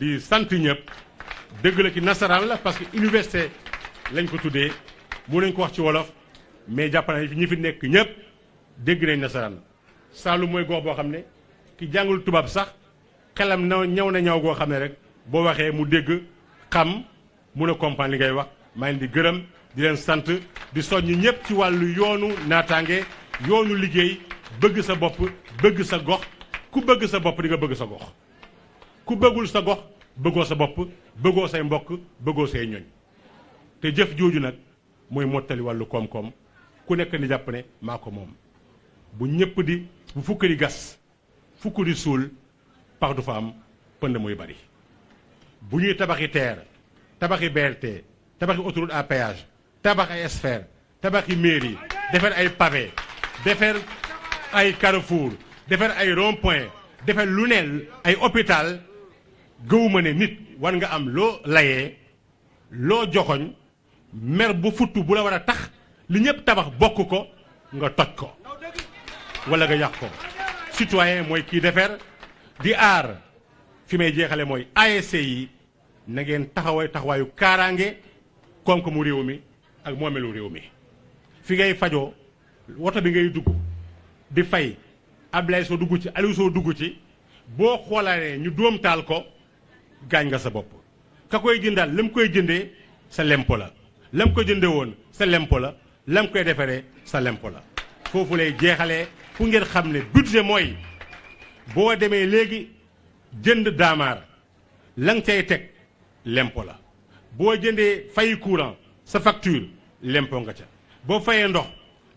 di sant ñëpp dégg la ci nasaraan la parce que université lañ ko tuddee mu nañ ko wax ci wolof mais jàpp naa ñi fi nekk ñëpp dégg nañ nasaraan Saalum mooy gox boo xam ne ki jàngul tubaab sax xelam na ñaw na ñaw goo xam ne rek boo waxee mu dégg xam mu a comprendre li ngay wax maa ngi di gërëm di leen sant di soññ ñëpp ci wàllu yoonu naataange yoonu liggéey bëgg sa bopp bëgg sa gox ku bëgg sa bopp di nga bëgg sa gox ku bëggul sa gox bëggoo sa bopp bëggoo say mbokk bëggoo say ñoñ te jëf jooju nag mooy mottali wàllu koom-koom ku nekk ni jàpp ne maa ko moom bu ñëpp di bu fukk di gas fukk di suul pax du fa am pënd muy bari bu ñuy tabaxi TER tabaxi berte tabaxi autoroute à péage tabax ay sphère tabaxi mairie defar ay pavé defar ay carrefour defar ay rond point defar lu ne ay hôpital gëwuma ne nit war nga am loo layee loo joxoñ mer bu futtu bu la war a tax li ñëpp tabax bokk ko nga toj ko walla nga yàq ko citoyen mooy kii defar di aar fi may jeexale mooy ASC yi na ngeen taxaway taxawaayu kaaraange koom-koomu réew mi ak moo moomelu réew mi fi ngay fajoo woto bi ngay dugg di fay Ablaye soo dugg ci Aliou soo dugg ci boo xoolalee ñu doom taal ko gaañ nga sa bopp ka koy jëndaal lam koy jëndee sa lempo la lam ko jënde woon sa lempo la lam koy defaree sa lempo la foofu lay jeexalee fu ngeen xam ne budget mooy boo demee léegi jënd daamaar la nga cay teg lempo la boo jëndee fay courant sa facture lempo nga ca boo fayee ndox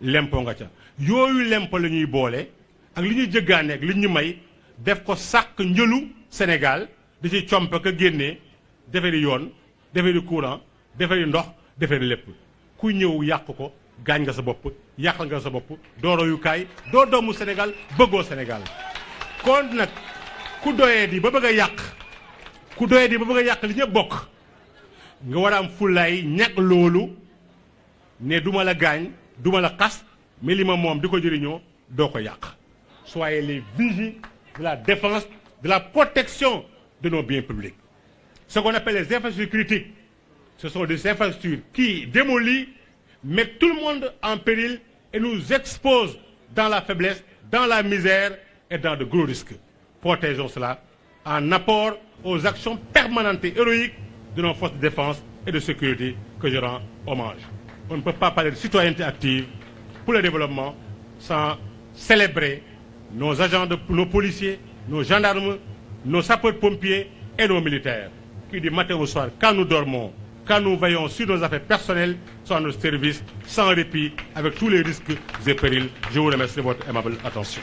lempo nga ca yooyu lempo la ñuy boole ak li ñuy jëggaane ak li ñu may def ko sàq njëlu Sénégal di ci comp ka génne defari yoon defari courant defari ndox defari lépp ku ñëw yàq ko gaañ nga sa bopp yàqal nga sa bopp doo doo doomu Sénégal bëggoo Sénégal kon nag ku doyee di ba bëgg a yàq ku doyee di ba bëgg a yàq li ñëpp bokk nga war a am fulaay ñàkk loolu ne duma la gaañ duma la xas mais li ma moom di ko jëriñoo doo ko yàq soyez les vigiles de la défense de la protection de nos biens publics. Ce qu'on appelle les infrastructures critiques, ce sont des infrastructures qui démolissent, mettent tout le monde en péril et nous exposent dans la faiblesse, dans la misère et dans de gros risques. Protégeons cela en apport aux actions permanentes et héroïques de nos forces de défense et de sécurité que je rends hommage. On ne peut pas parler de citoyenneté active pour le développement sans célébrer nos de, nos policiers, nos gendarmes, nos sapeurs-pompiers et nos militaires, qui du matin au soir, quand nous dormons, quand nous veillons sur nos affaires personnelles, sont à nos services, sans répit, avec tous les risques et périls. Je vous remercie votre aimable attention.